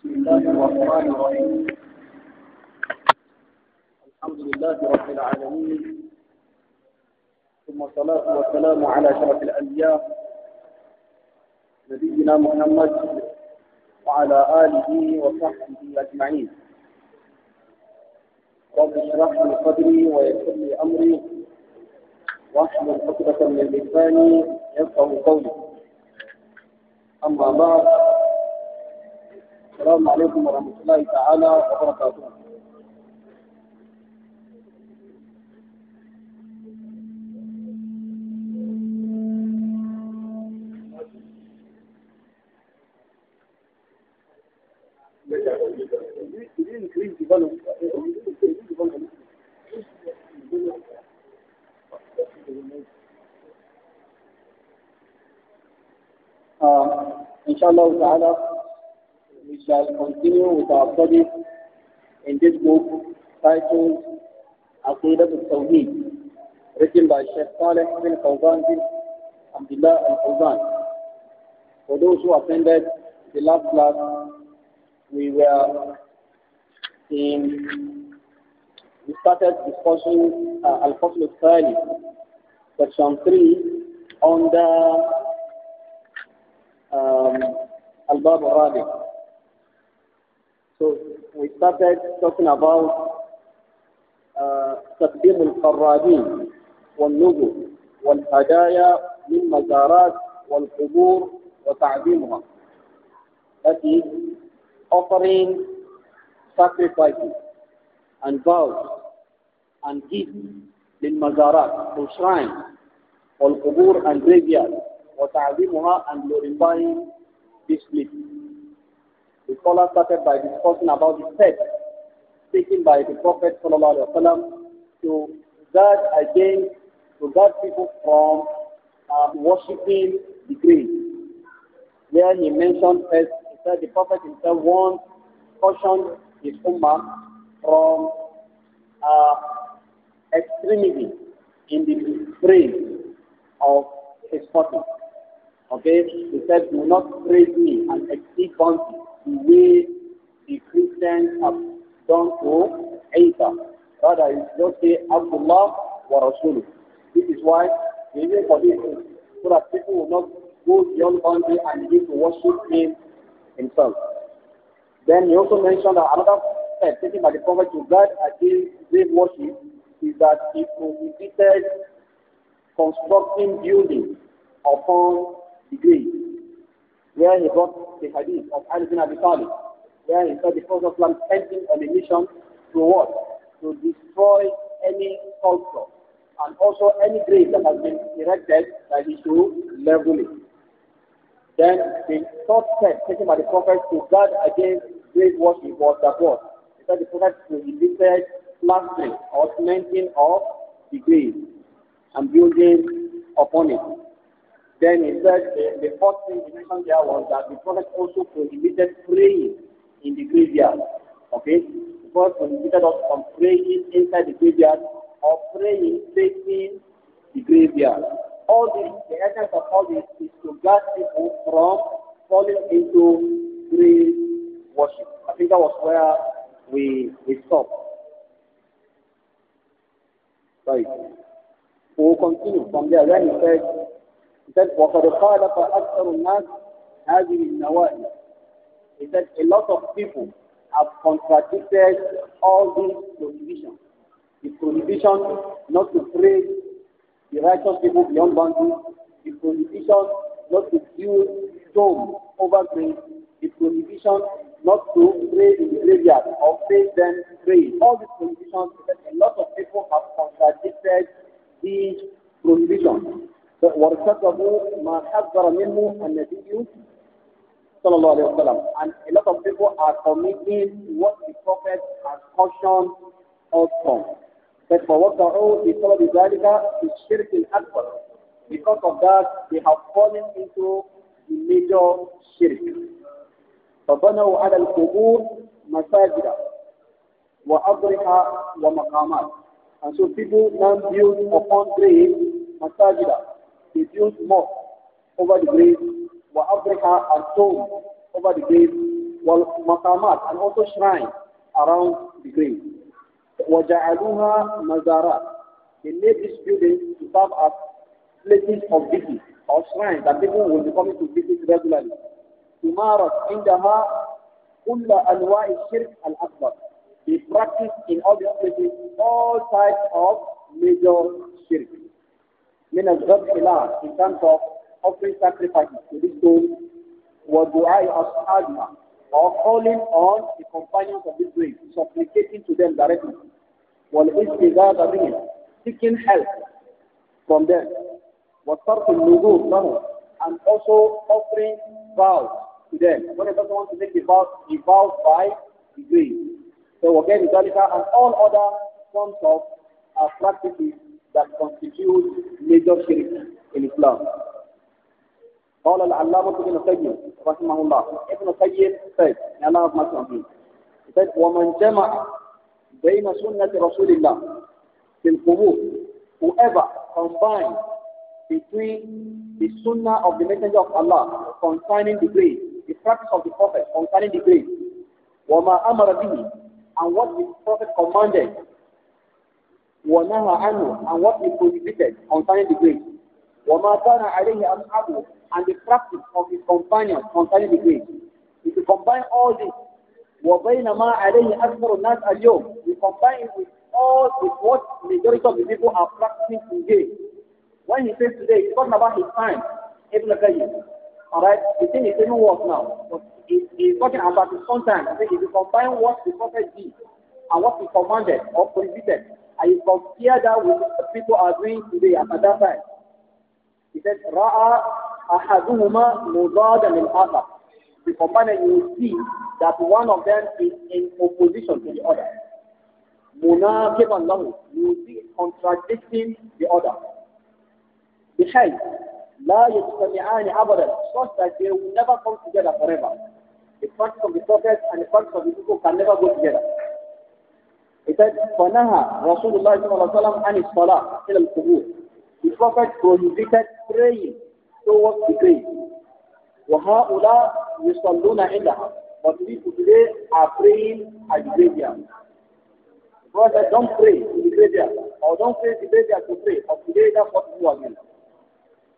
بسم الله الرحمن الرحيم الحمد لله رب العالمين ثم الصلاة والسلام على شرف الأنبياء نبينا محمد وعلى آله وصحبه أجمعين رب اشرح لي صدري ويسر لي أمري واحمل عقدة من لساني يفقه قولي أما بعد السلام عليكم ورحمة الله تعالى وبركاته آه. إن شاء الله تعالى we shall continue with our studies in this book titled Aqidat al-Tawheed, written by Sheikh Saleh bin Fawzan bin Abdullah al-Fawzan. For those who attended the last class, we were in, we started discussing uh, Al-Fasl al-Thali, section 3, under um, Al-Bab al-Rabi. topic talking about تقديم القرابين والنذر والهدايا من مزارات والقبور وتعظيمها that is offering sacrifices and vows and gifts للمزارات to shrine والقبور and graveyards وتعظيمها and glorifying this place the scholar started by discussing about the text, taken by the Prophet وسلم, to guard against, to guard people from um, worshipping the grave. Where he mentioned first, he said the Prophet himself once cautioned his Ummah from uh, extremism in the praise of his prophet. Okay, he said, do not praise me and exceed bounty the way the Christians have done to Isa. Rather, it's just say Abdullah wa Rasul. This is why the reason for this is so that people will not go beyond boundary and begin to worship him himself. Then he also mentioned that another step taken by the Prophet to guide against grave worship is that he prohibited constructing buildings upon the grave where he brought the hadith of Ali bin Abi Talib, where he said the Prophet of sent him on a mission to what? To destroy any culture and also any grave that has been erected that he should level it. Then the third step taken by the Prophet to guard against grave worship was that what? He said the Prophet prohibited plastering or cementing of the grave and building upon it. Then he said the, eh, the fourth thing he mentioned there was that the Prophet also prohibited praying in the graveyard. Okay? The Prophet prohibited us from praying inside the graveyard or praying facing the graveyard. All this, the essence of all this is to guard people from falling into grave worship. I think that was where we, we stopped. Right. we'll continue from there. Then he said, he said, وَقَدْ خَالَفَ أَكْثَرُ النَّاسِ هَذِهِ النَّوَائِبِ He said, a lot of people have contradicted all these prohibitions. The prohibition not to praise the righteous people beyond boundaries, the prohibition not to build dome over graves, the prohibition not to pray in the graveyard or face them pray. All these prohibitions, a lot of people have contradicted these prohibitions. وارتكبوا ما حذر منه النبي صلى الله عليه وسلم And a lot of people are committing what the Prophet has cautioned us from. But for what are all the فوقعوا بسبب ذلك shirk in akbar Because of that, they have fallen into the major shirk. فبنوا على القبور مساجد وأضرحة ومقامات. And so people now build upon graves masajida reduce more over the grave, wa Africa and tomb over the grave, wa maqamat and also shrine around the grave. Wa They made these buildings to serve as places of visit or shrines that people will be coming to visit regularly. Umarat indaha kulla anwa'i shirk al-akbar. They practice in all these places all types of major shrines. من الذبح لها in terms of offering sacrifices to this stone وَدُعَاءِ أَصْحَابِهَا or calling on the companions of this grave, supplicating to them directly وَالْإِسْتِغَاثَ بِهِمْ seeking help from them وَصَرْفِ النُّذُورِ لَهُمْ and also offering vows to them. When a person wants to make a vow, he vows by the grave. So again, Idolika and all other forms of uh, practices that constitute major shirk in Islam. قال العلامة ابن القيم رحمه الله ابن القيم said may Allah have mercy on him he said ومن جمع بين سنة رسول الله في القبور whoever combines between the sunnah of the messenger of Allah concerning the grave the practice of the prophet concerning the grave وما أمر به and what the prophet commanded ونهى عنه and what is prohibited concerning the grave. وما كان عليه أصحابه and the practice of his companions concerning the grave. If you combine all this, وبين ما عليه أكثر الناس اليوم, you combine it with all with what majority of the people are practicing today. When he says today, he's talking about his time, Ibn Qayyim. Alright, the thing is even worse now. But he, he's talking about his own time. I think if you combine what the prophet did and what he commanded or prohibited, and you compare that with what people are doing today at that time. He said, Ra'a ahaduhuma mudada min other. The companion will see that one of them is in opposition to the other. Munaqib and lahu. You will see contradicting the other. Behind, لا يجتمعان أبدا such that they will never come together forever. The facts of the prophet and the facts of the people can never go together. He said, فَنَهَا رَسُولُ اللَّهِ صلى الله عليه وسلم عَنِ الصَّلَاةِ إِلَى الْقُبُورِ The Prophet prohibited praying towards the grave. وَهَؤُلَاء يُصَلُّونَ عِنْدَهَا But people today are praying at the graveyard. The Prophet don't pray in the graveyard, or don't pray in the graveyard to pray, but today that's what you are doing.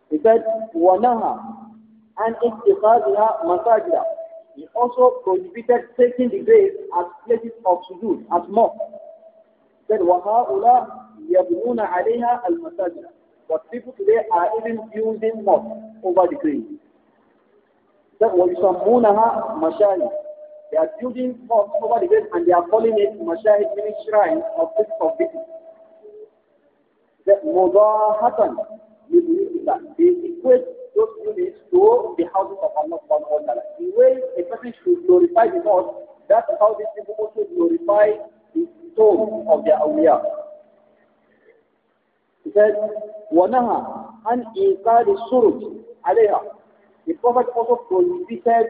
He said, وَنَهَا and اتخاذها مساجدا. He also prohibited taking the grave as places of sujood, as mosques said, يَبْنُونَ عَلَيْهَا الْمَسَاجِدَ But people today are even building mosques over the grave. That وَيُسَمُّونَهَا مَشَاهِدَ They are building mosques over the grave and they are calling it mashahid, meaning shrine of this of this. That believe that They equate those units to the houses of Allah subhanahu wa ta'ala. The way a person should glorify the mosque, that's how these people also glorify tomb of the awliya. He said, وَنَهَا عَنْ إِيقَادِ السُّرُجِ عَلَيْهَا The Prophet also prohibited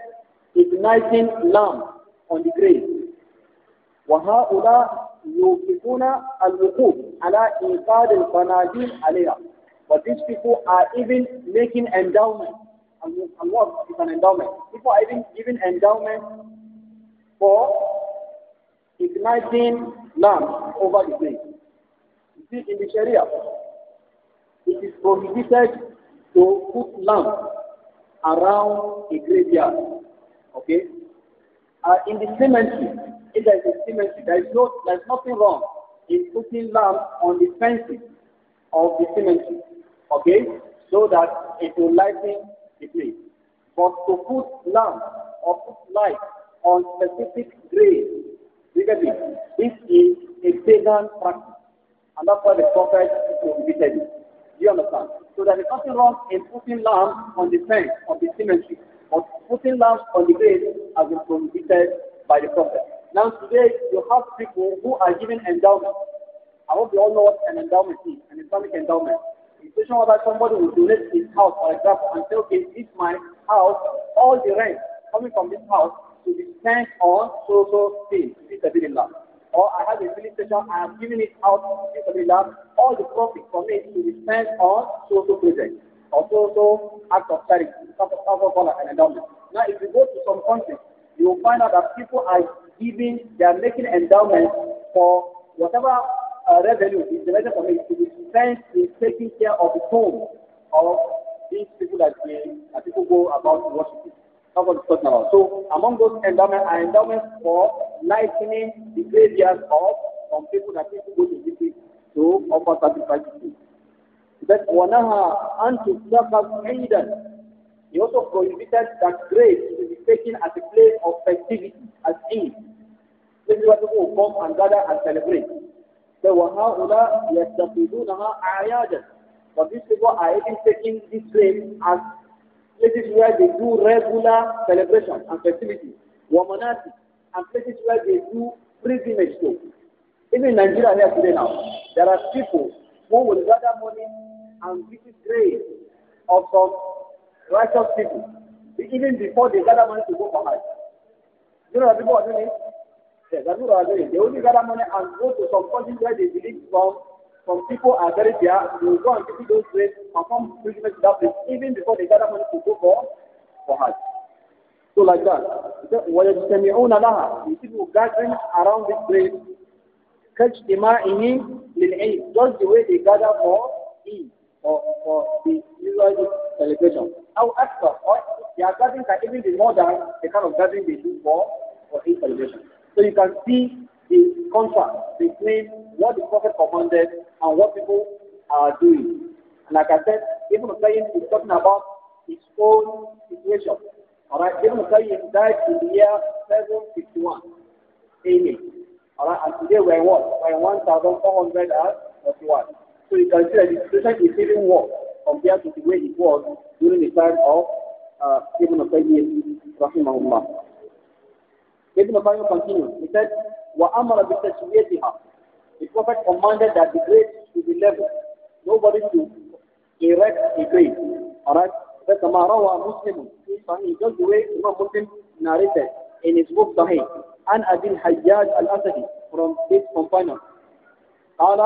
igniting lamp on the grave. وَهَؤُلَاء يُوْفِقُونَ الْوُقُوفِ عَلَى إِيقَادِ الْقَنَادِيلِ عَلَيْهَا But these people are even making endowments. And what is an endowment? People are even giving endowments for igniting lamps over the place. You see, in the Sharia, it is prohibited to put lamps around a graveyard. Okay? Uh, in the cemetery, if there is a cemetery, there is, no, there is nothing wrong in putting lamps on the fences of the cemetery. Okay? So that it will lighten the place. But to put lamps or put light on specific graves you This is a pagan practice. And that's why the prophet prohibited it. Do you understand? So there is nothing wrong in putting lambs on the fence of the cemetery, or putting lambs on the grave has been prohibited by the prophet. Now today you have people who are given endowments. I hope you all know what an endowment is, an Islamic endowment. It's a somebody who will donate his house, for example, until say, okay, my house, all the rent coming from this house to be spent on social things, fisabilillah. Or I have a filling station, I am giving it out, fisabilillah. All the profit from it to be spent on social projects, or social acts of charity, endowment. Now, if you go to some countries, you will find out that people are giving, they are making endowments for whatever uh, revenue is generated from it to be spent in taking care of the home of these people that, they, that people go about worshiping. That's what it's talking about. So among those endowments are endowments for lightening the graveyards of some people that people go to visit to offer sacrifices to. That wanaha and to sacrifice aidan. He also prohibited that grave to be taken as a place of festivity, as in, This is where people will come and gather and celebrate. So وَهَؤُلَاءِ يَتَّخِذُونَهَا أَعْيَادًا But these people are even taking this grave as places where they do regular celebration and festivities, wamanati, and places where they do pilgrimage too. Even in Nigeria here today now, there are people who will gather money and visit graves of some righteous people, even before they gather money to go for Hajj. You know what people are doing? Yes, that's what they are doing. They only gather money and go to some country where they believe from Some people are very dear, they will go and visit those graves, perform pilgrimage to that place, even before they gather money to go for, for Hajj. So like that. وَيَجْتَمِعُونَ لَهَا The people gathering around this place, catch grave, كَجْتِمَاعِهِ لِلْعِيدِ Just the way they gather for Eid, or for the usual celebration. How after, or they are gathering that even be more than the kind of gathering they do for, for Eid celebration. So you can see the contrast between what the Prophet commanded and what people are doing. And like I said, Ibn Qayyim is talking about his own situation. Alright, Ibn Qayyim died in the year 751 AD. Alright, and today we're what? We're 1441. So you can see that the situation is even worse compared to the way it was during the time of uh, Ibn Qayyim, rahimahullah. Ibn Qayyim continues, he said, وَأَمَرَ بِتَسْوِيَتِهَا the Prophet commanded that the grave should be level. Nobody should erect a grave. Alright? The كما روى مسلم just the way Imam Muslim narrated in his book Sahih عن أبي al Asadi from this companion قال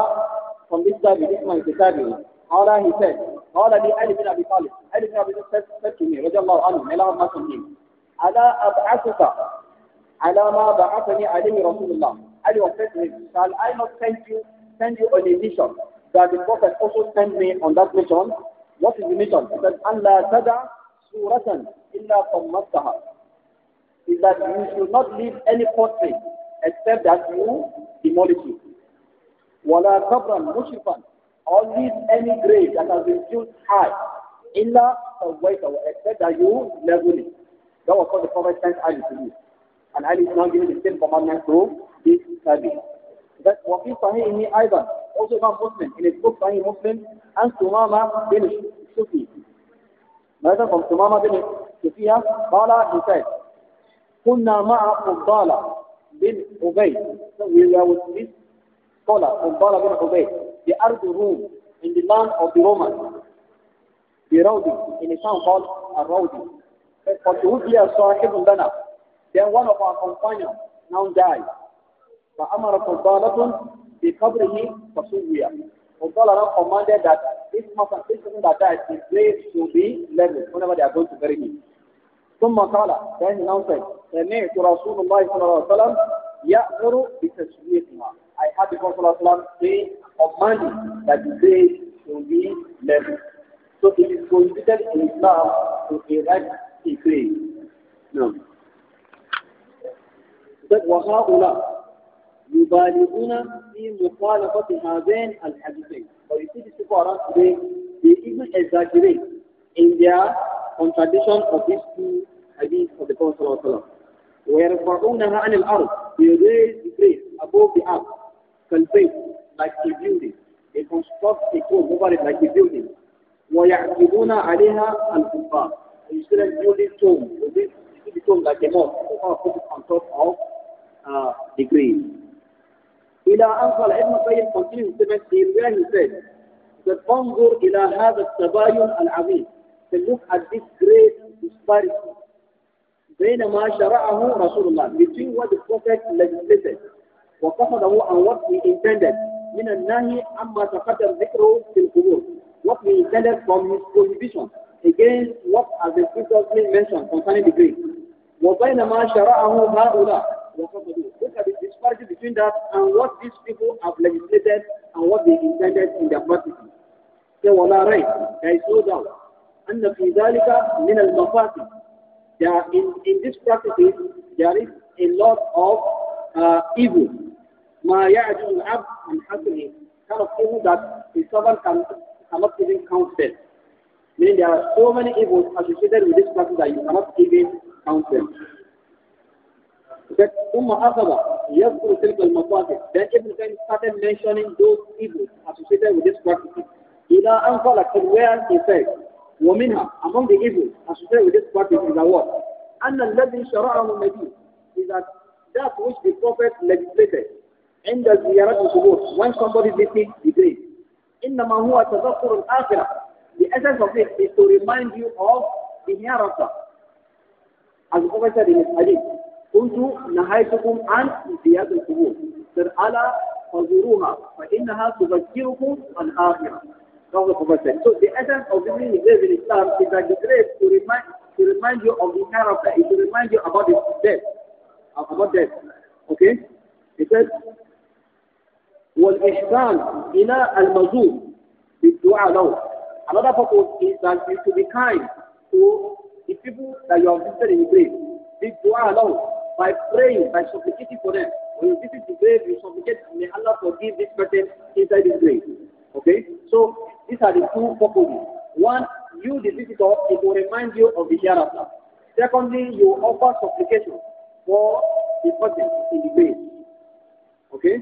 from this tabi this man is the tabi he said قال لي علي بن أبي طالب علي بن أبي طالب said to me may Allah have mercy on him ألا أبعثك على ما بعثني عليه رسول Ali was said to him, Shall I not send you, send you on a mission that the Prophet also sent me on that mission? What is the mission? He said, Allah tada suratan illa qammastaha. Is that you should not leave any portrait except that you demolish it. Wala kabran mushifan. Or leave any grave that has been built high. Illa sawaitahu. Except that you level it. That was what the Prophet sent Ali to do. And Ali is now giving the same commandment to في سبيل that وفي صحيحه أيضا also Imam Muslim in his book Sahih Muslim and Sumama bin Sufi ماذا from Sumama bin Sufiya قال he said كنا مع فضالة بن عبيد so we were with this scholar فضالة بن عبيد the أرض Rome in the land of the Romans the Raudi in a town called But Raudi فقد وفي صاحب لنا then one of our companions now died فأمر فضالة بقبره فسوية Fudala commanded that this person, this person that died, his grave should be leveled whenever they are going to bury him. ثم قال then he now said سمعت رسول الله صلى الله عليه وسلم يأمر بتسويتها I heard the Prophet صلى الله عليه وسلم say commanding that the grave should be leveled. So it is prohibited in Islam to erect a grave. No. That was not enough. يبالغون في مخالفة هذين الحديثين. So you see these people around today, they even exaggerate in their contradiction of these two hadiths of the Prophet صلى الله عليه وسلم. ويرفعونها عن الأرض. They raise the grave above the earth. كالبيت like a building. They construct a tomb over it like a building. ويعقدون عليها الكفار. You see them building tomb. You see the tomb like a mosque. People are put it on top of uh, the grave. إلى أن قال ابن القيم قتيل في الله said that فانظر إلى هذا التباين العظيم to look at this great disparity بين ما شرعه رسول الله between what the prophet legislated وقصده and what he intended من النهي عما تقدم ذكره في القبور what he intended from his prohibition against what has been previously mentioned concerning the grave وبين ما شرعه هؤلاء وقصدوه look at the disparity between that and what these people have legislated and what they intended in their practices. Say, wala write. there is no doubt. And the ذلك من المفاسد. There in, in these practices, there is a lot of uh, evil. ما يعجز العبد have, حسنه. Kind of evil that the servant can, cannot even count them. Meaning there are so many evils associated with this practice that you cannot even count them that Umma Akhaba Yazkur Tilk al Mafakir. Then Ibn Qayyim started mentioning those evils associated with this practice. Ila Anfala where he said, ومنها among the evils associated with this practice is that what? أن الذي شرعه النبي is that that which the Prophet legislated عند to القبور when somebody visits the grave. إنما هو تذكر الآخرة. The essence of it is to remind you of the hereafter. As the Prophet said in his hadith, كنت نهيتكم عن القبور سر على فزوروها فإنها تذكركم الآخرة So the essence of the meaning of in Islam is that the grace to remind to remind you of the character, it to remind you about the death, about death. Okay? It says, والإحسان إلى المظلوم بالدعاء له. Another purpose is that you to be kind to the people that you have visited in the grave. Big dua alone by praying, by supplicating for them. When you visit the grave, you supplicate, may Allah forgive this person inside the grave. Okay? So, these are the two purposes. One, you, the visitor, it will remind you of the hereafter. Secondly, you offer supplication for the person in the grave. Okay?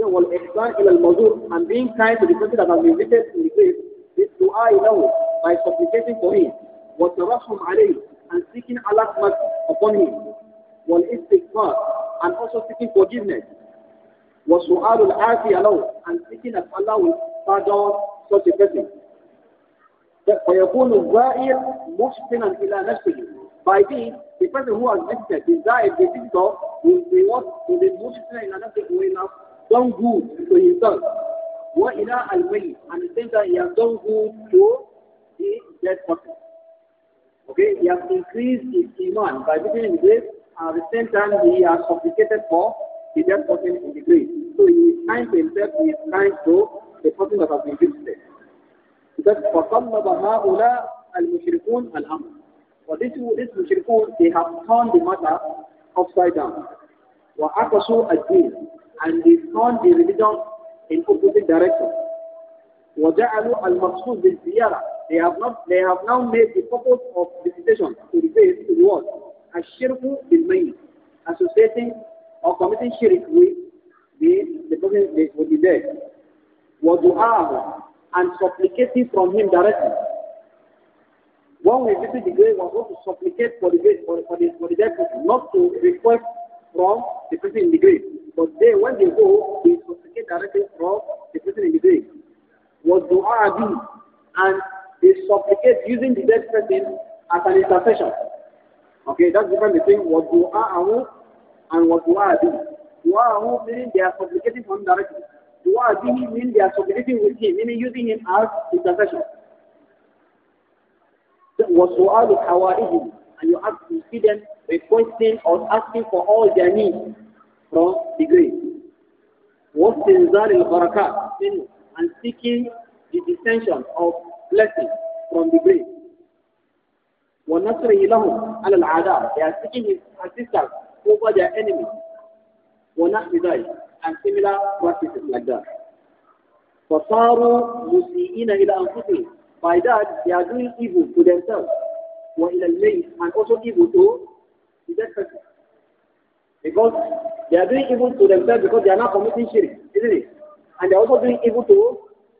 Well, explain in al and being kind to the person that has been visited in the grave This dua ilahu by supplicating for him, wa tawassum alayhi and seeking Allah's mercy upon him. wal istighfar, and also seeking forgiveness. وسؤال العافية له and seeking that Allah will pardon such a person. فيكون الزائر محسنا إلى نفسه. By this, the person who has visited, the zair, the visitor, will be what? Will be محسنا إلى نفسه who has done good to himself. وإلى الميت and the same time he has done good to the dead person. Okay, he has increased his iman by visiting the grave and at the same time he has complicated for the dead person in the grave. So he is kind to himself, he is kind to the person that has been visited. Because فَصَلَّبَ هَؤُلَاءَ الْمُشْرِكُونَ الْأَمْرِ For this, this mushrikun, they have turned the matter upside down. Wa akasu al الدِّينَ And they turned the religion in opposite direction. وَجَعَلُوا الْمَقْصُودِ بِالزِّيَارَةِ They have not, they have now made the purpose of visitation to the grave to the world. Ashirku bilmayyit, associating or committing shirk with the, person that did be dead. Wadu'ahu, and supplicating from him directly. When we visit the grave, we're going to supplicate for the grave, for, for, the, for the dead person, not to request from the person in the grave. But they, when they go, they supplicate directly from the person in the grave. Wadu'ahu, and they supplicate using the dead person as an intercession. Okay, that's different between what you du'a'ahu and what you are du'a'ahu. Du'a'ahu meaning they are supplicating from directly. are doing meaning they are supplicating with him, meaning using him as intercession. وَسُؤَالُ حَوَائِهِمْ And you ask to see them requesting or asking for all their needs from the grave. in الْبَرَكَاتِ And seeking the extension of blessing from the grave. وَنَصْرِهِ لَهُمْ عَلَى الْعَدَاءِ They are seeking his assistance over their enemies. وَنَحْمِ ذَلِكَ And similar practices like that. فَصَارُوا مُسِيئِينَ إِلَى أَنفُسِهِمْ By that, they are doing evil to themselves. وَإِلَى And also evil to the dead person. Because they are doing evil to themselves because they are not committing shirk, isn't it? And they are also doing evil to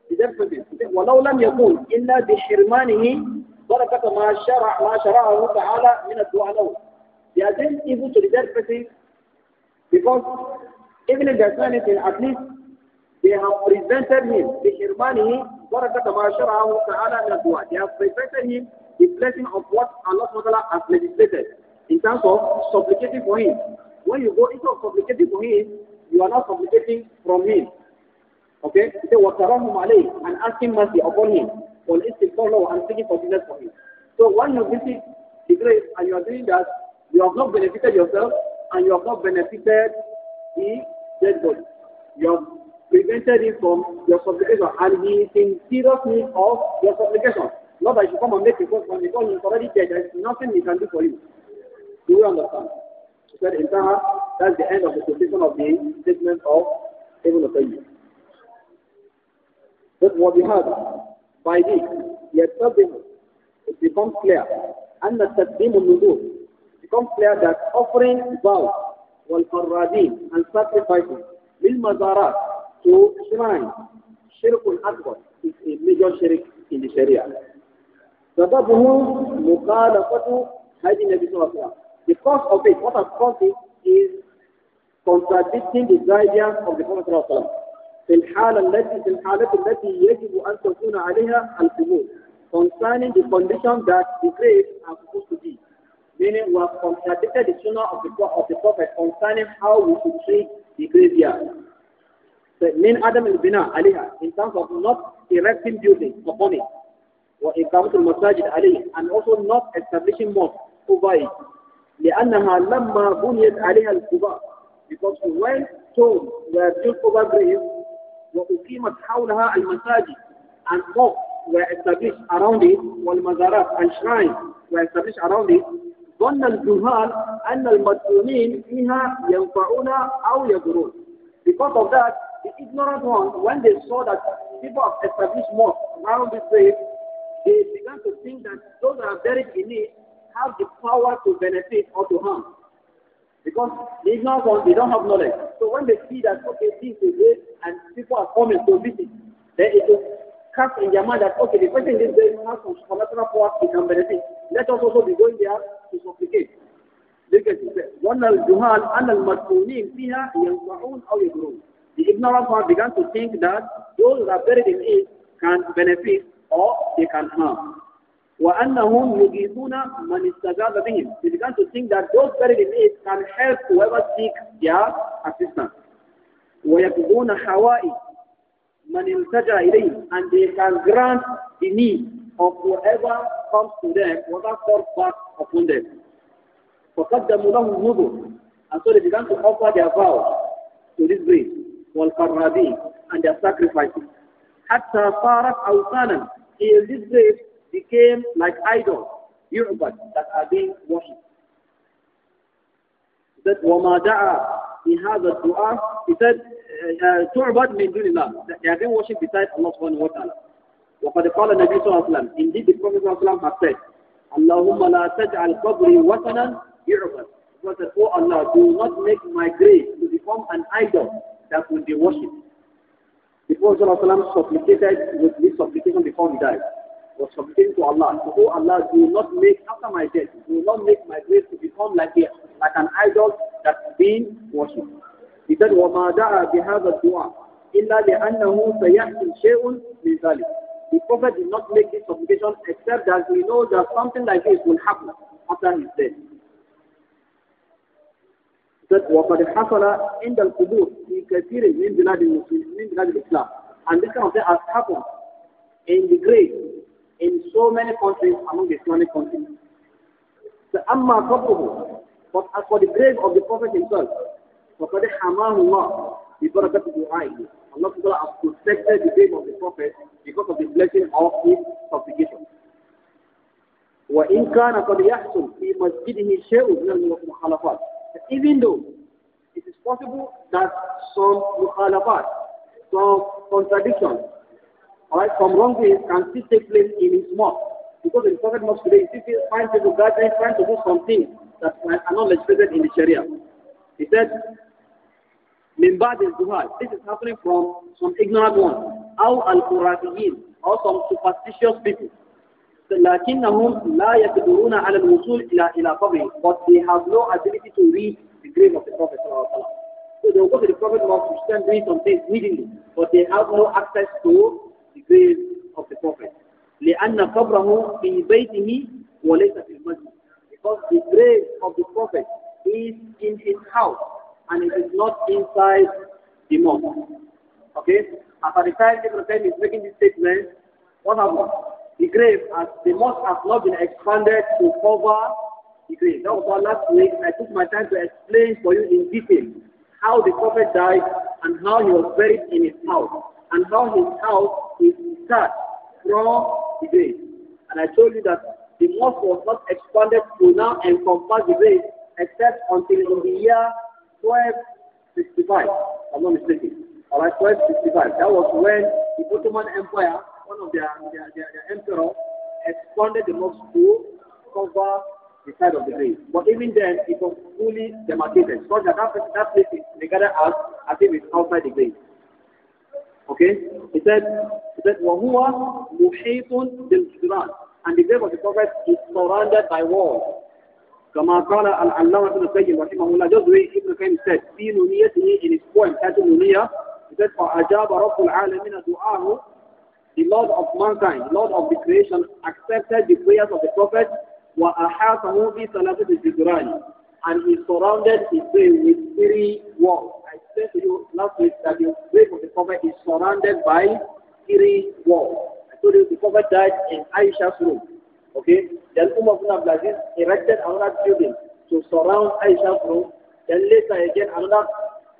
the dead person. وَلَوْ لَمْ يَكُنْ إِلَّا بِحِرْمَانِهِ بركة ما شرع ما شرعه تعالى من الدعاء له. يا are then able فتي بيكون ابن because في العقلي they have presented him the بحرمانه بركة ما شرعه تعالى من الدعاء. They have presented him the blessing of what Allah SWT has legislated in terms of supplicating for him. When you go into supplicating for him, you are not supplicating from him. Okay? they were وَكَرَهُمْ عَلَيْهِ and asking mercy upon him. on istighfar, follow. I'm seeking forgiveness for him. So when you visit the grave and you are doing that, you have not benefited yourself and you have not benefited the dead body. You have prevented him from your supplication and he is in serious need of your supplication. Not that you come and make a from the God, he's already dead, there is nothing he can do for you. Do you understand? He said, in Taha, that's the end of the quotation of the statement of Ibn Taymiyyah. That's what we have. By this, يَتَّبِهُ It becomes clear. أَنَّ تَسْلِيمُ النُّذُورِ It becomes clear that offering vows والفرادين and sacrificing, sacrifices للمزارات to shrine شرك أكبر is a major shirk in the Sharia. سببه مخالفة هدي النبي صلى The cause of it, what has caused it, is contradicting the guidance of the Prophet صلى في الحالة التي في الحالة التي يجب أن تكون عليها القبول concerning the condition that the graves are supposed to be. Meaning we have contradicted the sunnah of the, of the Prophet concerning how we should treat the graveyard. So, min Adam al-Bina aliha, in terms of not erecting buildings upon it. or in Wa ikamatul masajid alayhi, and also not establishing mosques over it. لأنها لما بنيت عليها الكبار because when stones were built over graves وأقيمت حولها المساجد and mosques were established around it والمزارات and shrines were established around it ظن الجهال أن المدفونين فيها ينفعون أو يضرون because of that the ignorant ones when they saw that people have established mosques around this place they began to think that those that are buried in it have the power to benefit or to harm because the ignorant ones, they don't have knowledge. So when they see that, okay, this is it, and people are coming to visit, then it will cast in their mind that, okay, the person is going to have some supernatural power, he can benefit. Let us also be going there to supplicate. Look at it. وَأَنَّ الْجُهَالَ أَنَّ الْمَسْكُونِينَ فِيهَا يَنْفَعُونَ أَوْ يَضُرُونَ The ignorant one began to think that those that are buried in it can benefit or they can harm. وأنهم يجيبون من استجاب بهم. We began to think that those very in can help whoever seeks their assistance. ويقضون حوائج من التجا إليه and they can grant the need of whoever comes to them, whoever falls upon them. فقدموا النذر and so they began to offer their vows to this grave والقرابين and their sacrifices. حتى صارت أوثانا. He this grave became like idols, yu'bad, that are being worshipped. That وَمَا دَعَى He has a dua. He said, تُعْبَد مِنْ دُونِ اللَّهِ They are being worshipped besides Allah subhanahu wa ta'ala. وَقَدْ قَالَ النَّبِي صلى الله عليه وسلم Indeed, the Prophet صلى الله عليه وسلم has said, اللهم لا تجعل قبري وثنا يعبد. He said, Oh Allah, do not make my grave to become an idol that will be worshipped. The Prophet ﷺ supplicated with this supplication before he died was submitting to Allah. So, oh Allah, do not make after my death, do not make my grave to become like a, like an idol that's being worshipped. He said, وَمَا دَعَى بِهَذَا الدُّعَى إِلَّا لِأَنَّهُ سَيَحْتِمْ شَيْءٌ مِنْ ذَلِكَ The Prophet did not make this supplication except that we know that something like this will happen after his death. That وقد حصل عند القبور في كثير من بلاد المسلمين من بلاد الإسلام and this kind of thing has happened in the grave in so many countries among the Islamic countries. The Amma Qabbuhu, but as for the grave of the Prophet himself, فَقَدْ حَمَاهُ اللَّهُ بِبَرَكَةِ دُعَائِهِ Allah has protected the grave of the Prophet because of the blessing of his supplication. وَإِنْ كَانَ قَدْ يَحْصُلْ فِي مَسْجِدِهِ شَيْءٌ مِنَ الْمُخَالَفَاتِ Even though it is possible that some muhalafat, some contradictions alright, from wrongdoing can still take place in his mosque. Because in Prophet mosque today, you still find people gathering trying to do something that are not legislated in the Sharia. He said, Mimbad is Duhal. This is happening from some ignorant ones. Aw al Quraniyin, or some superstitious people. لكنهم لا يقدرون على الوصول but they have no ability to read the grave of the Prophet so they will go to the Prophet mosque to stand doing some things needingly but they have no access to the grave of the Prophet. لأن قبره في بيته وليس في المسجد. Because the grave of the Prophet is in his house and it is not inside the mosque. Okay? After the time the prophet is making this statement, what happened? The grave, as the mosque has not been expanded to cover the grave. That was why last week I took my time to explain for you in detail how the Prophet died and how he was buried in his house. and how his house is discharged from the grave. And I told you that the mosque was not expanded to now encompass the grave except until in the year 1265. I'm not mistaken. All right, 1265. That was when the Ottoman Empire, one of their, their, their, their emperors, expanded the mosque to cover the side of the grave. But even then, it was fully demarcated, so that that, that place is regarded as, as if it's outside the grave. Okay? He said, he said, وَهُوَ مُحِيطٌ بِالْجِرَانِ And the grave of the Prophet is surrounded by walls. كما قال العلامة ابن القيم رحمه الله جزء ابن القيم said في نونيته in his poem titled نونية he said فأجاب رب العالمين دعاه the Lord of mankind, Lord of the creation, accepted the prayers of the prophet وأحاطه بثلاثة جدران and he surrounded his prayer with three walls explained to you last week that the grave of the Prophet is surrounded by three walls. I told you the Prophet died in Aisha's room. Okay? Then Umar ibn Abdulaziz erected another building to surround Aisha's room. Then later again another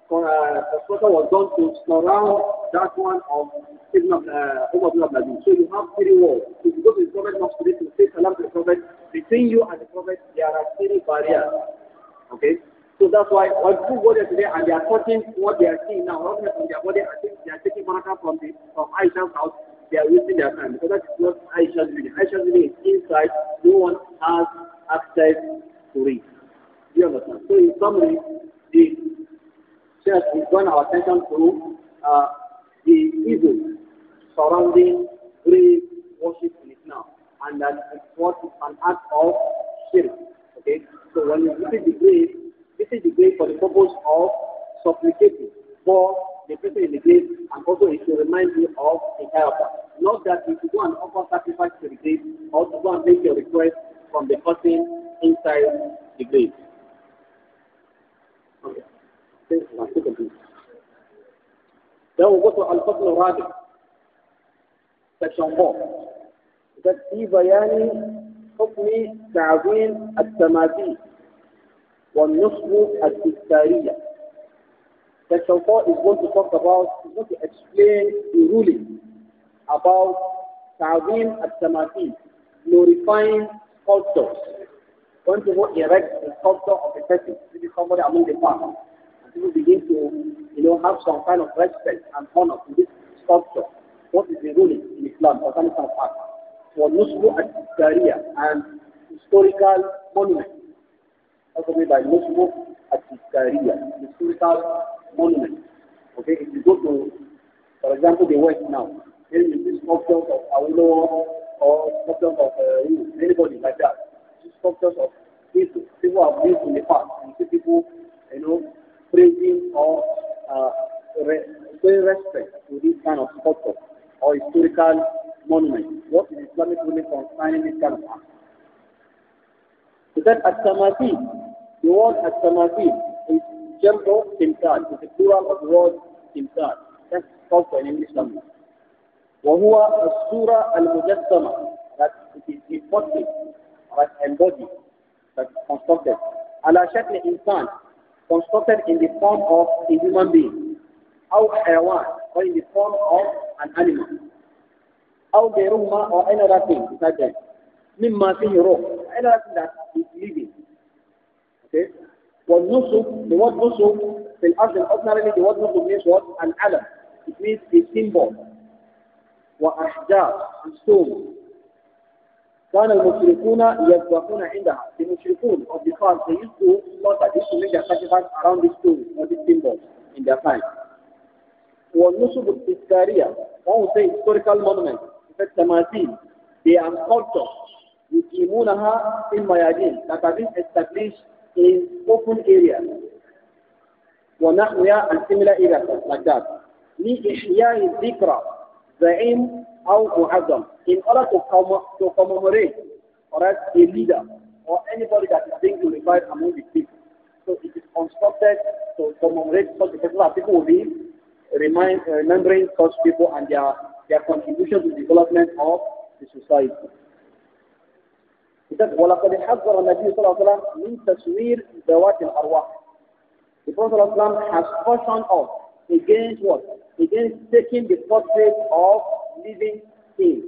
uh, construction was done to surround that one of Ibn, uh, Umar ibn Abdulaziz. So you have three walls. If you go to the Prophet Mosque to say salam to the Prophet, between you and the Prophet there are three barriers. Okay? So that's why when people go there today and they are touching what they are seeing now, what they their body, I think they are taking money from the from Aisha's house, they are wasting their time because that is not Aisha's reading. Aisha's reading is inside, no one has access to read. Do you understand? So in summary, the church is drawn our attention to uh, the evil surrounding grave worship in Islam and that it was an act of shirk. Okay? So when you visit the grave, this is the grave for the purpose of supplicating for the people in the grave and also it should remind you of the helper. Not that if you should go and offer sacrifice to the grave or to go and make your request from the person inside the grave. Okay. Then we'll go to Al-Fasl al-Rabi, section 4. That في بيان حكم تعظيم التماثيل والنصب التذكارية Section 4 is going to talk about, is going to explain the ruling about تعظيم التماثيل, glorifying sculptures. When people erect a sculpture of a person, maybe somebody among the past, and people begin to, you know, have some kind of respect and honor to this sculpture. What is the ruling in Islam or some kind of act? For Nusbu al-Tariya and historical monuments discovered by Muslim at Iskaria, historical monument. Okay, if you go to, for example, the West now, there is this sculptures of Awilo or sculptures of uh, anybody like that. These sculptures of people, people have lived in the past and see people, you know, praising or uh, re showing respect to this kind of sculpture or historical monument. What is Islamic ruling concerning this kind of act? So that at Samadhi, the word At-Tamathil is Jambo Timtad. It's a plural of word Timtad. That's also in English language. وهو الصورة المجسمة that it is embodied, right, embodied, that constructed. على شكل إنسان constructed in the form of a human being أو حيوان or in the form of an animal أو غيرهما or any other thing besides them مما فيه روح any other thing that is living اوكي والنصب هو النصب في الارض الاصغر اللي هو النصب ايش هو العلم اتنين في سيمبول واحجار ستون كان المشركون يذبحون عندها المشركون او بخار يذبحوا صوت ديسو من جهه كتبان اراوند ستون او دي سيمبول ان ذا تايم والنصب التذكاريه او سي هيستوريكال مونومنت التماثيل دي ان كولتور يقيمونها في الميادين لكن تستبليش In open area. وَنَحْوِيَا and similar areas like that. لِإِحْيَاءِ الذِّكْرَ زَعِيمٌ أَوْ مُعَظَّمٌ In order to, com to commemorate or as a leader or anybody that is being glorified among the people. So it is constructed to commemorate such people that people will be remind, remembering such people and their, their contribution to the development of the society. He said, وَلَقَدْ حَذَّرَ النَّبِيُّ صلى الله عليه وسلم مِنْ تَسْوِيرِ ذَوَاتِ الْأَرْوَاحِ The Prophet ﷺ has cautioned us against what? Against taking the portrait of living things.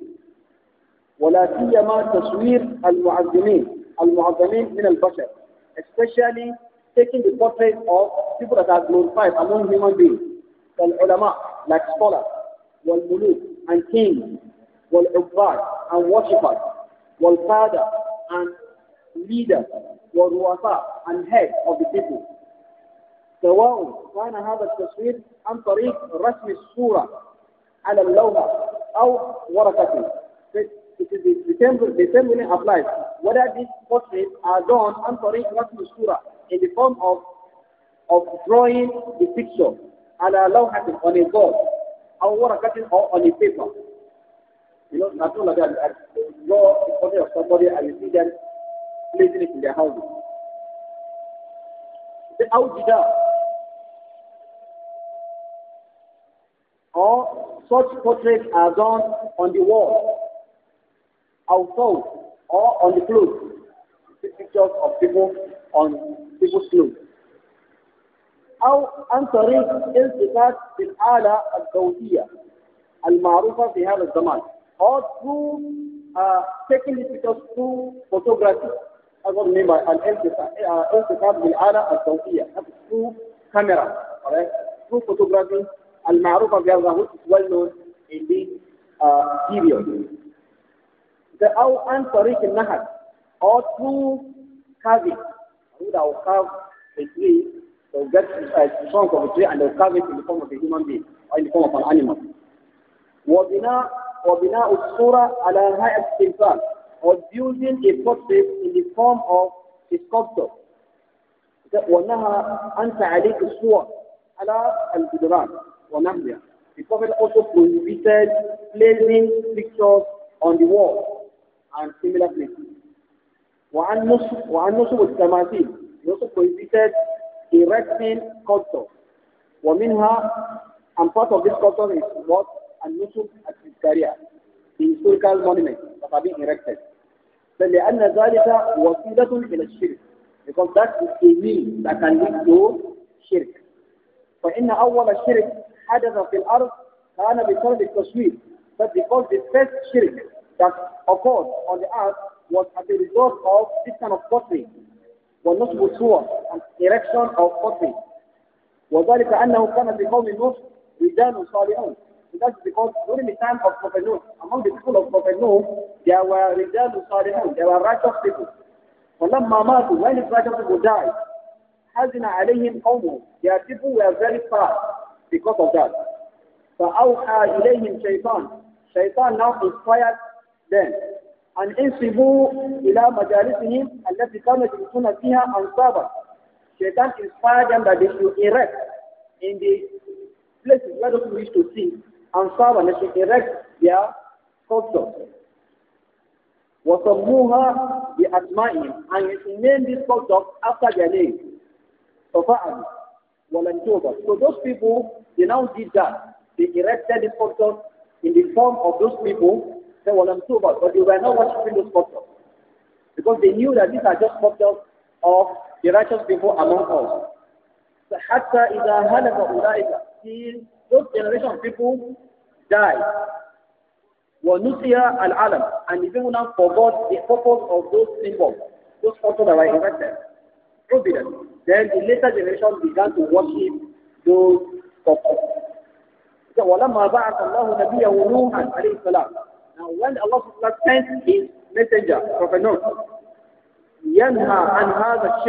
وَلَا سِيَّمَا the الْمُعَظِّمِينَ الْمُعَظَّمِينَ مِنَ الْبَشَرِ Especially taking the portrait of people that are glorified among human beings. كالعلماء like scholars والملوك and kings والعباد and worshippers والقادة and leader والرؤساء and head of the people سواء كان هذا التصوير عن طريق رسم الصورة على اللوحة أو ورقة It is the same applies whether these portraits are done عن طريق رسم الصورة in the form of of drawing the picture على لوحة on a board أو ورقة or on a paper You know, not only that, draw the portrait of somebody placing it in their houses. The Aujida or such portraits are done on the wall, outside, or on the clothes. The pictures of people on people's clothes. أو عن طريق التفات بالآلة الصوتية المعروفة في هذا الزمان or through uh, taking the pictures through photography اظن مما الانتقاد بالاله الصوتيه شو كاميرا شو فوتوغرافي المعروفه بهذا ويل نون in this uh, period. The أو عن طريق النهر or through carving. Wood I will carve a tree, they will get a trunk of a tree and they will carve it in the form of a human being or in the form of an animal. وبناء وبناء الصورة على هيئة التمثال of building a portrait in the form of a sculpture. وَنَهَا أَنْ تَعْلِيقِ الصُّوَرْ عَلَى الْجِدْرَانِ وَنَحْوِهَا The Prophet also prohibited placing pictures on the wall and similar places. وعن نصب وعن نصب التماثيل also prohibited erecting culture ومنها and part of this culture is what النصب التذكارية the historical monument that are being erected فلأن ذلك وسيلة إلى الشرك because that is a means that can lead to shirk فإن أول الشرك حدث في الأرض كان بسبب التشويه but because the first shirk that occurred on the earth was as a result of this kind of pottery ونصب الصور and erection of pottery وذلك أنه كان في قوم نصب رجال صالحون That's because during the time of Prophet Noah, among the people of Prophet Noah, there were Rijal Salihun, there were righteous people. فلما ماتوا, when the righteous people died, حزن عليهم قوم, their people were very sad because of that. فأوحى إليهم شيطان, شيطان now inspired them. أن انصبوا إلى مجالسهم التي كانوا يجلسون فيها أنصابا. شيطان inspired them that they should erect in the places where they wish to see Ansar भनेपछि direct या source of it. وَسَمُّوهَا بِأَسْمَائِهِمْ And you should name this cult after their name. فَفَعَلُوا وَلَمْ تُوبَ So those people, they now did that. They erected this cult in the form of those people, say وَلَمْ تُوبَ But they were not worshipping those cult Because they knew that these are just cult of, of the righteous people among us. حتى إذا هلك أولئك those generation of people died. Wanusia and alam, and even people now forgot the purpose of those symbols, those photos that were invented, Then the later generation began to worship those photos. So, وَلَمَّا بَعَثَ اللَّهُ نَبِيَّهُ نُوحًا عَلَيْهِ السَّلَامُ Now when Allah sent his messenger, Prophet Noah, يَنْهَى عَنْ هَذَا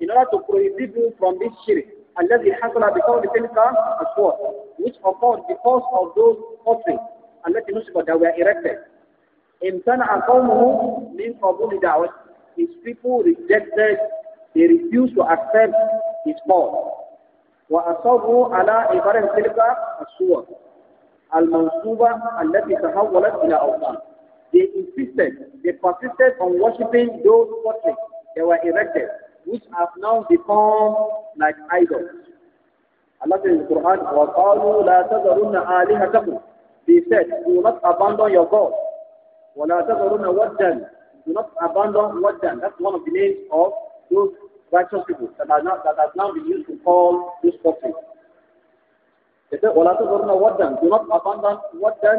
in order to prohibit you from this shirk, الذي حصل بقول تلك الصور which occurred because of those offerings التي نصبت that were erected امتنع قومه من قبول دعوته his people rejected they refused to accept his call وأصروا على عبارة تلك الصور المنصوبة التي تحولت إلى أوثان they insisted they persisted on worshipping those portraits that were erected which have now become like idols. Allah says in the Quran, وَقَالُوا لَا تَذَرُنَّ آلِهَتَكُمْ They said, do not abandon your God. وَلَا تَذَرُنَّ وَدًّا Do not abandon وَدًّا That's one of the names of those righteous people that, are now, that has now been used to call this prophet. They said, وَلَا تَذَرُنَّ وَدًّا Do not abandon وَدًّا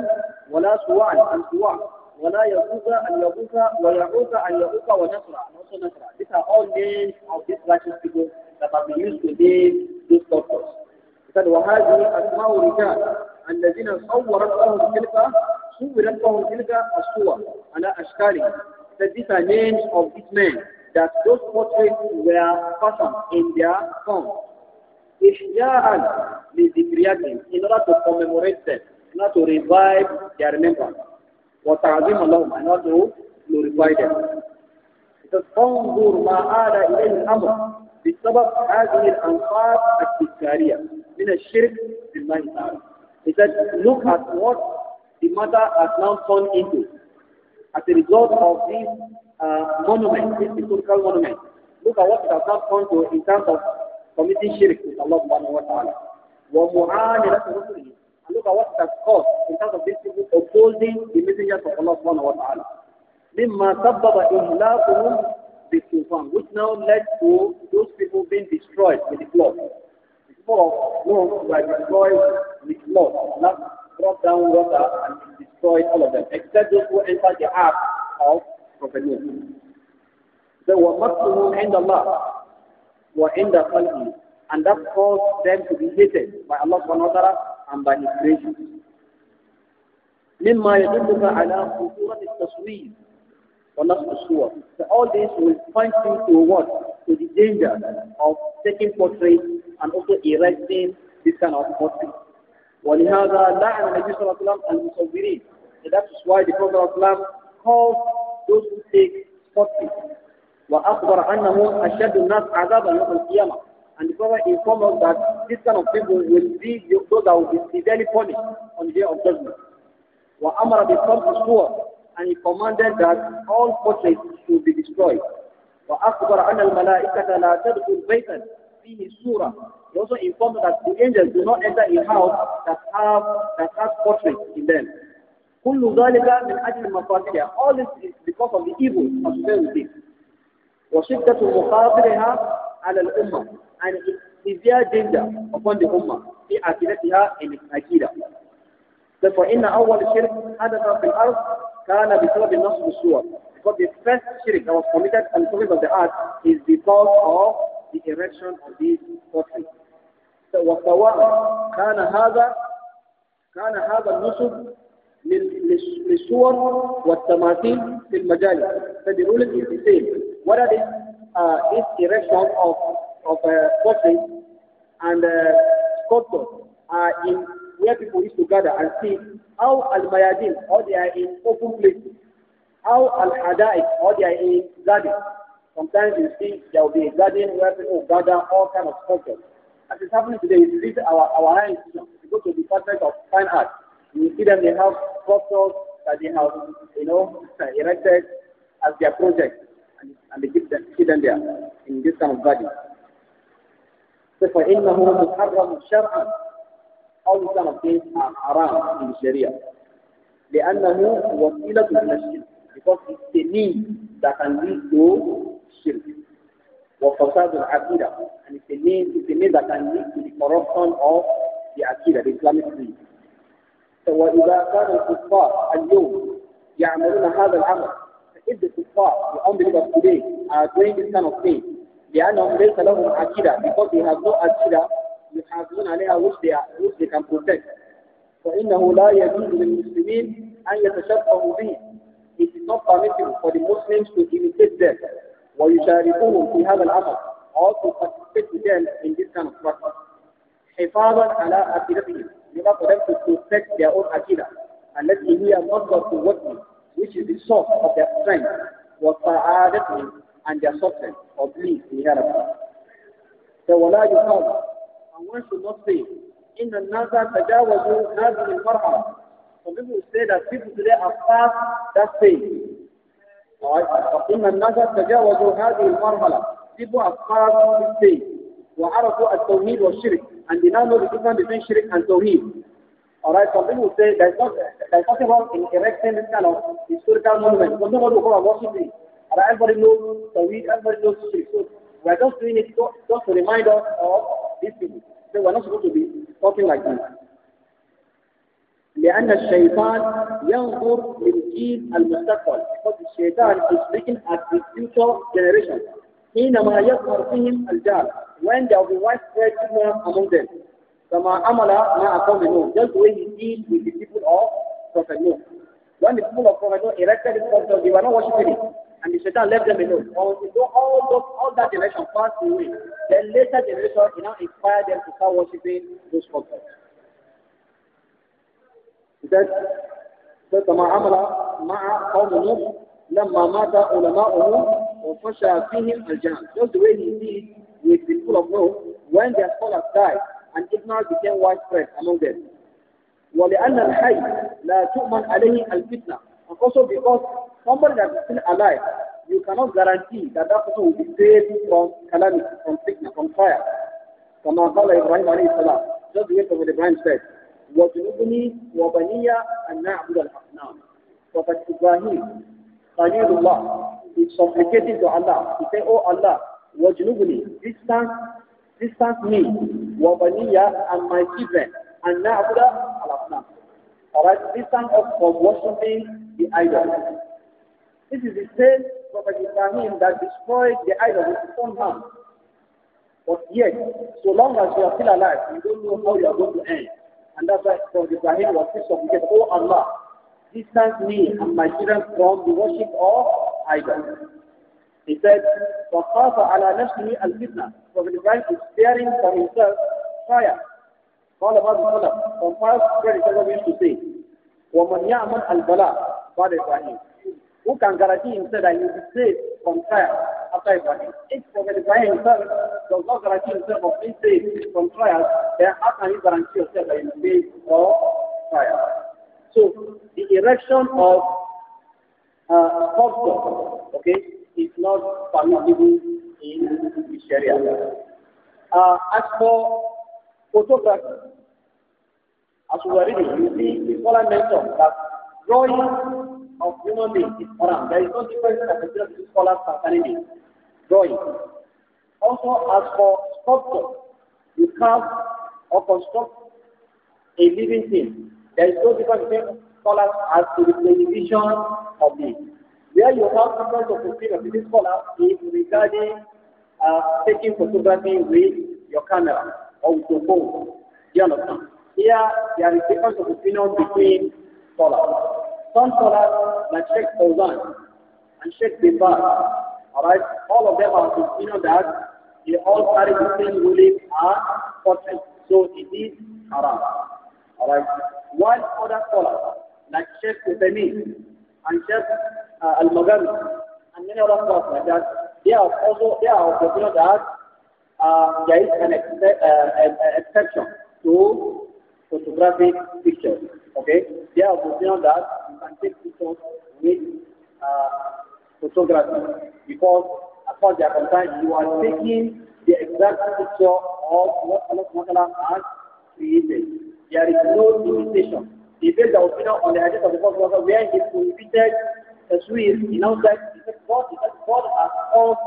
وَلَا سُوَعًا And سُوَعًا wala yaquza and yaquza wa yaquza and yaquza wa nasra These are all names of these righteous people that have been used to name these doctors. He said, وَهَذِهِ أَسْمَاءُ رِجَالٍ الَّذِينَ صَوَّرَتْ لَهُم تِلْكَ صُوِّرَتْ لَهُم تِلْكَ الصُّوَرُ عَلَى أَشْكَالِهِمْ That these are names of these men that those portraits were fashioned in their form. إِحْيَاءً لِذِكْرِيَاتِهِمْ In order to commemorate them, in order to revive their remembrance. وتعظيم الله not to glorify them. It says, فانظر ما آل إليه الأمر بسبب هذه الأنصار التجارية من الشرك بالله تعالى. It says, look at what the mother has now turned into as a result of this uh, monument, this historical monument. Look at what it has now turned to in terms of committing shirk with Allah subhanahu wa ta'ala. ومعاندة رسله and look at what has caused in terms of these people opposing the messengers of Allah subhanahu wa ta'ala. مما سبب إهلاكهم بالطوفان which now led to those people being destroyed with the flood. The people of Noah were destroyed with flood. That brought down water and destroyed all of them except those who entered the ark of Prophet Noah. They were maximum were in the خلقه and that caused them to be hated by Allah subhanahu wa ta'ala and by His grace. So all this will point you to what? To the danger of taking portraits and also erecting this kind of portraits. ولهذا لعن النبي صلى الله عليه وسلم المصورين. So that is why the Prophet of calls those who take portraits. وأخبر أشد الناس عذابا يوم القيامة. And the Prophet informed us that this kind of people will be those that will be severely punished on the day of judgment. وَأَمَرَ بِالْقَمْسِ سُوَرٍ And he commanded that all portraits should be destroyed. وأخبر أن الملائكة لا تدخل بيتا فيه سورة. He also informed that the angels do not enter a house that have that has portraits in them. كل ذلك من أجل مفاسدها. All this is because of the evil associated with it. وشدة مخاطرها على الأمة and severe danger upon the Ummah في عقيدتها in its عقيدة. Therefore, إن أول شرك حدث في الأرض كان بسبب نصب الصور. Because the first shirk that was committed on the surface of the earth is because of the erection of these portraits. So, وسواء كان هذا كان هذا النصب للصور والتماثيل في المجال. So the ruling is the same. What are the, uh, this erection of of pottery uh, and uh, sculpture are in where people used to gather and see how al-mayadin or they are in open places, how al-hadaik or they are in gardens. Sometimes you see there will be a garden where people gather all kinds of sculptures. As is happening today, you visit our, our high institution, you go to the Department of Fine Arts, you see them, they have sculptures that they have, you know, erected as their project, and, and they keep them, hidden them there in this kind of garden. فإنه محرم شرعا أو سنتين حرام في الشريعة لأنه وسيلة إلى الشرك because it's the need that can lead to shirk وفساد العقيدة and it's the need, it's the need that can lead to the corruption of the عقيدة the Islamic creed so وإذا كان الكفار اليوم يعملون هذا العمل if the kuffar, the unbelievers today, are doing this kind of thing, لأنهم ليس لهم عقيدة because they have no عقيدة يحافظون عليها which they, are, which they can protect فإنه لا يجوز للمسلمين أن يتشبهوا به it is not permissible for the Muslims to imitate them ويشاركوهم في هذا الأمر or to participate with them in this kind of practice حفاظا على عقيدتهم in order for them to protect their own عقيدة التي هي مصدر قوتهم which is the source of their strength وسعادتهم and their success of me in hereafter. So وَلَا يُقَالُ And one should not say, was النَّاسَ تَجَاوَزُوا in الْمَرْحَلَةِ Some people say that people today are past that stage. Alright? was النَّاسَ تَجَاوَزُوا in الْمَرْحَلة People are past this stage. وَعَرَفُوا or shirk, And they now know the difference between shirk and tawheed. Alright, some people will say there's, not, there's nothing wrong in erecting this kind of historical monument. Some people will go and worship Al Barilogu, Tawid Al Barilogu, so we are just doing it just to remind us of these people. So we are not supposed to be talking like this. لأن الشيطان ينظر للجيل المستقبل because الشيطان is speaking at the future generation حينما يظهر فيهم الجهل when there will be widespread ignorance among them كما عمل مع قوم نوح just the way he did with the people of Prophet Noah when the people of Prophet Noah erected this altar they were not worshiping it and the Satan left them alone. Until all, those, all that generation passed away, the later generation you now inspired them to start worshipping those objects. He said, كما عمل مع قوم نوح لما مات علماؤهم وفشى فيهم الجهل. Just the way he did with the people of Noah when their scholars died and ignorance became widespread among them. ولأن الحي لا تؤمن عليه الفتنة and also because somebody that is still alive, you cannot guarantee that that person will be saved from calamity, from sickness, from fire. كما قال Ibrahim عليه Salam just the way Prophet Ibrahim said وجنبني وبني أن نعبد الأصنام Prophet Ibrahim خليل الله he supplicated to Allah he said oh Allah وجنبني distance distance me وبني and my children and نعبد الأصنام alright distance us from worshiping the idol. This is the same Prophet Ibrahim that destroyed the idol with his own hand. But yet, so long as you are still alive, you don't know how you are going to end. And that's why Prophet Ibrahim was still supplicated, Oh Allah, distance me and my children from the worship of idols. He said, وَخَافَ عَلَى نَفْسِهِ الْفِتْنَةِ Prophet Ibrahim is fearing for himself fire. All about the From fire, spread is what we used to say. وَمَنْ يَعْمَلْ الْبَلَاءِ about Ibrahim, who can guarantee himself that he will be saved from trial after Ibrahim? If Prophet Ibrahim himself does not guarantee himself of being saved from trial, then how can you guarantee yourself that you will be saved from trial? So, the erection of uh, sculpture, okay, is not permissible in Sharia. Uh, as for photography, as we were reading, you see, the scholar mentioned that destroying of human beings is haram. There is no difference that considered to scholars concerning it. Drawing. Also, as for sculpture, you carve or construct a living thing. There is no difference between scholars as to the prohibition of it. Where you have difference of opinion this scholars is regarding uh, taking photography with your camera or with your phone. Do you understand? Here, there is difference of opinion between scholars. Some scholars like Sheikh Fawzan and Sheikh Bimbal, alright, all of them are of the opinion that they all carry the same ruling as fortune. So it is haram. Alright. While other scholars like Sheikh Uthaymeen and Sheikh uh, Al-Maghani and many other scholars like that, they are also they are of the opinion that uh, there is an, exce- uh, an, an exception to photographic pictures. Okay? There are beyond that you can take pictures with uh, photography because as far as are concerned, you are taking the exact picture of what Allah Taala has created. There is no limitation. He based the opinion on the hadith of the Prophet where he prohibited the Swiss, he now said, God, God has caused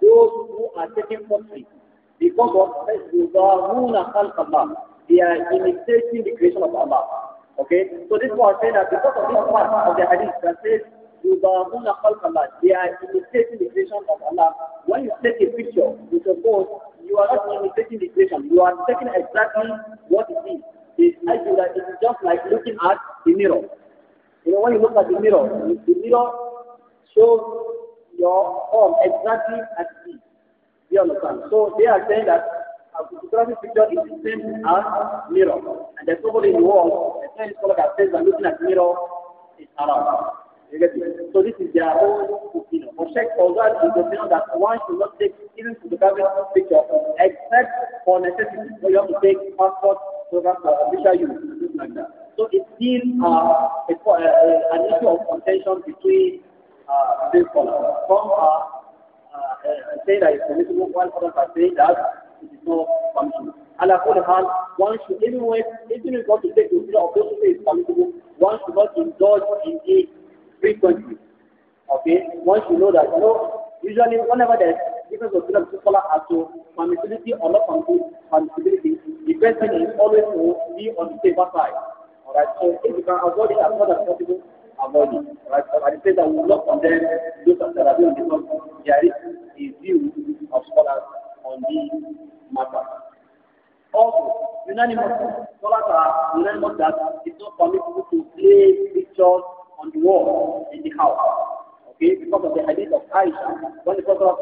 those who are taking free," because of the They are imitating the creation of Allah. Okay? So this was saying that because of this part of the hadith that says, يضاهون خلق They are imitating the creation of Allah. When you take a picture with a phone, you are not imitating the creation. You are taking exactly what it is. It's actually that it's just like looking at the mirror. You know, when you look at the mirror, the mirror shows your form exactly as it is. You understand? So they are saying that photographic picture is the same as mirror. And there's nobody in the world, there's no scholar that says that looking at mirror is haram. You get it? So this is their own opinion. For check, for that is the opinion that one should not take even photographic picture except for necessity. So you have to take passport, photograph for official use, like that. So uh, it's still uh, a, uh, an issue of contention between uh, these scholars. Some are uh, uh, saying that it's permissible, while others are saying that it is not punishable. And according to one should, even when, even if not to take the of those who is permissible, one should not indulge in it frequently. Okay? One should know that, you know, usually whenever there's difference of freedom, people are to permissibility or not permissibility, the best thing is always to be on the safer side. Alright, so if you can avoid it as much as possible, avoid it. Right? So I say that we will not condemn those that are doing because there is a view of scholars on this matter. Also, unanimous scholars are unanimous that it's not permissible to place pictures on the wall in the house. Okay, because of the hadith of Aisha, when the Prophet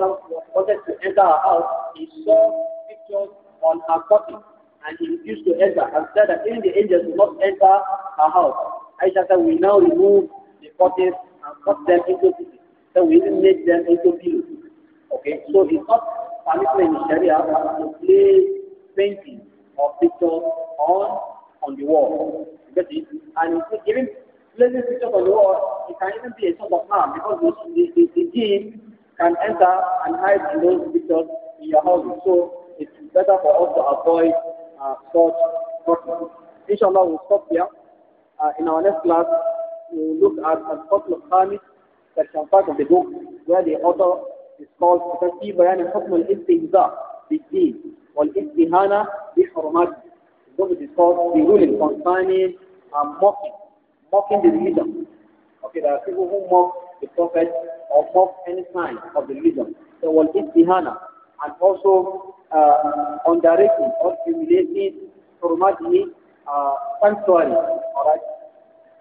wanted to enter her house, he saw pictures on her curtain and he refused to enter and said that even the angels will not enter her house. Aisha said, We now remove the curtains and cut them into pieces. So we even make them into pillows. Okay, so it's not permitted in Sharia to place painting or pictures on on the wall. You get it? And even placing pictures on the wall, it can even be a sort of harm because the, the, the can enter and hide in those pictures in your house. So it's better for us to avoid uh, such problems. Inshallah, we'll stop here. Uh, in our next class, we'll look at a couple of Hamid, section 5 of the book, where the author the called. discuss في بيان حكم الاستهزاء بالدين والاستهانة بحرمات It's called. the ruling concerning uh, mocking, mocking the religion. Okay, there are people who mock the prophet or mock any sign of the religion. So والاستهانة and also uh, underrating or humiliating حرماته uh, sanctuary, alright,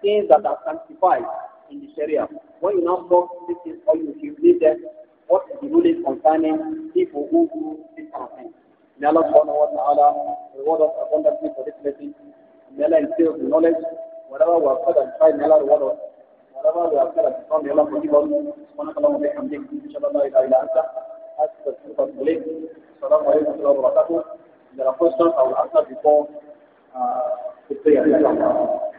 things that are sanctified in the Sharia. When you now mock this is how you humiliate them, what is the ruling concerning people who do this kind of thing. May Allah subhanahu wa ta'ala reward us abundantly for this blessing. May Allah instill the knowledge. Whatever we have said and tried, may Allah reward us. Whatever we have said and found, may Allah forgive us. سبحانك اللهم وبحمدك أشهد أن لا إله إلا أنت أستغفرك وأتوب إليك. السلام عليكم ورحمة الله وبركاته. There are questions I will answer before uh, the prayer.